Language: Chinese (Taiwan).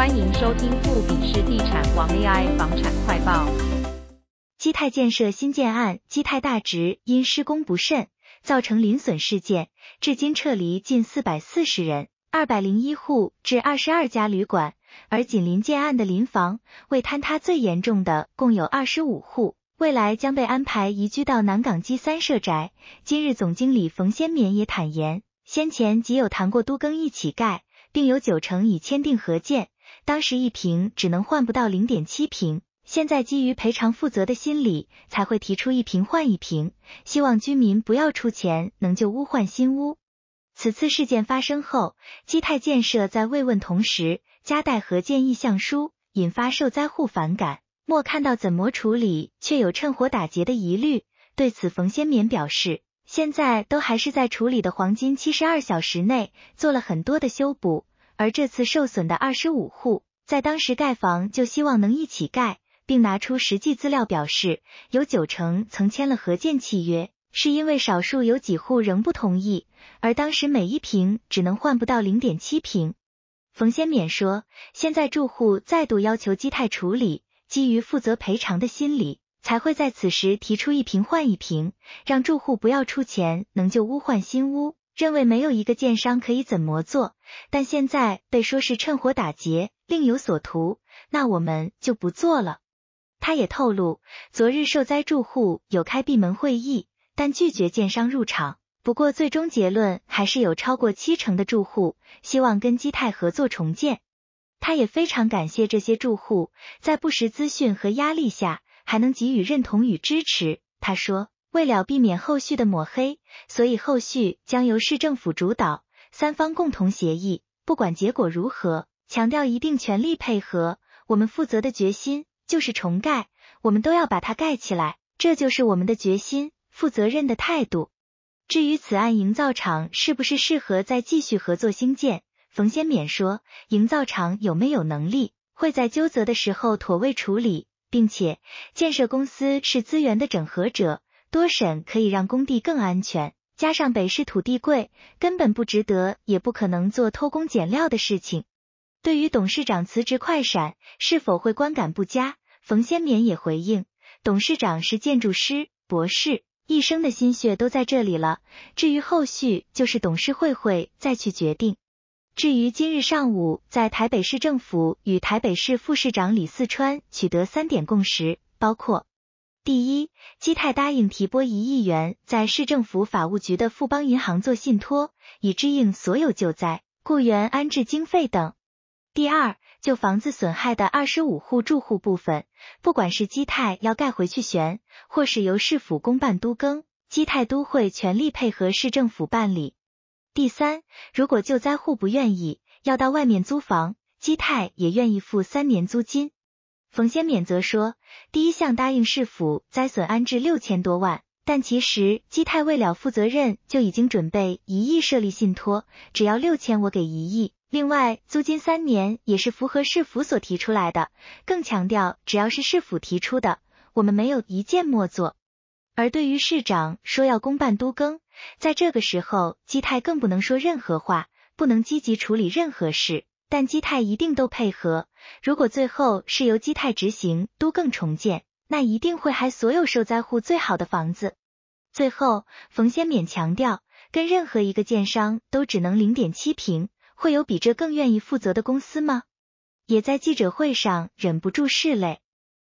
歡迎收聽富比士地產王 AI 房產快報。基泰建設新建案基泰大直因施工不慎造成鄰損事件，至今撤離近四百四十人，二百零一戶至二十二家旅館。而緊鄰建案的鄰房未坍塌最嚴重的共有二十五戶，未來將被安排移居到南港基三社宅。今日總經理馮先勉也坦言，先前即有談過都更一起蓋，並有九成已簽訂合建。當時一坪只能換不到零點七坪，現在基於賠償負責的心理，才會提出一坪換一坪，希望居民不要出錢能舊屋換新屋。此次事件發生後，基泰建設在慰問同時夾帶合建意向書，引發受災戶反感。莫看到怎麼處理，卻有趁火打劫的疑慮。對此，馮先勉表示，現在都還是在處理的黃金七十二小時內，做了很多的修補，而這次受損的二十五戶。在當時蓋房就希望能一起蓋，並拿出實際資料表示，有九成曾簽了合建契約，是因為少數有幾戶仍不同意，而當時每一平只能換不到零點七平。馮先勉說，現在住戶再度要求基泰處理，基於負責賠償的心理，才會在此時提出一平換一平，讓住戶不要出錢能舊屋換新屋。認為沒有一個建商可以怎麼做，但現在被說是趁火打劫、另有所圖，那我們就不做了。他也透露，昨日受災住戶有開閉門會議，但拒絕建商入場。不過最終結論還是有超過七成的住戶希望跟基泰合作重建。他也非常感謝這些住戶在不實資訊和壓力下還能給予認同與支持。他說。為了避免後續的抹黑，所以後續將由市政府主導，三方共同協議。不管結果如何，強調一定全力配合。我們負責的決心就是重蓋，我們都要把它蓋起來，這就是我們的決心、負責任的態度。至於此案，營造廠是不是適合再繼續合作興建？馮先勉說，營造廠有沒有能力會在糾責的時候妥為處理，並且建設公司是資源的整合者。多審可以讓工地更安全，加上北市土地貴，根本不值得，也不可能做偷工減料的事情。對於董事長辭職快閃，是否會觀感不佳？馮先勉也回應，董事長是建築師博士，一生的心血都在這裡了。至於後續，就是董事會會再去決定。至於今日上午在台北市政府與台北市副市長李四川取得三點共識，包括。第一，基泰答應提撥一億元在市政府法務局的富邦銀行做信託，以支應所有救災、雇員安置經費等。第二，就房子損害的二十五戶住戶部分，不管是基泰要蓋回去旋，或是由市府公辦都更，基泰都會全力配合市政府辦理。第三，如果救災戶不願意，要到外面租房，基泰也願意付三年租金。馮先勉則說，第一項答應市府災損安置六千多萬，但其實基泰為了負責任就已經準備一億設立信托，只要六千我給一億。另外租金三年也是符合市府所提出來的，更強調只要是市府提出的，我們沒有一件莫做。而對於市長說要公辦都更，在這個時候基泰更不能說任何話，不能積極處理任何事。但基泰一定都配合。如果最後是由基泰執行都更重建，那一定會還所有受災戶最好的房子。最後，馮先勉強調，跟任何一個建商都只能零點七平，會有比這更願意負責的公司嗎？也在記者會上忍不住拭淚。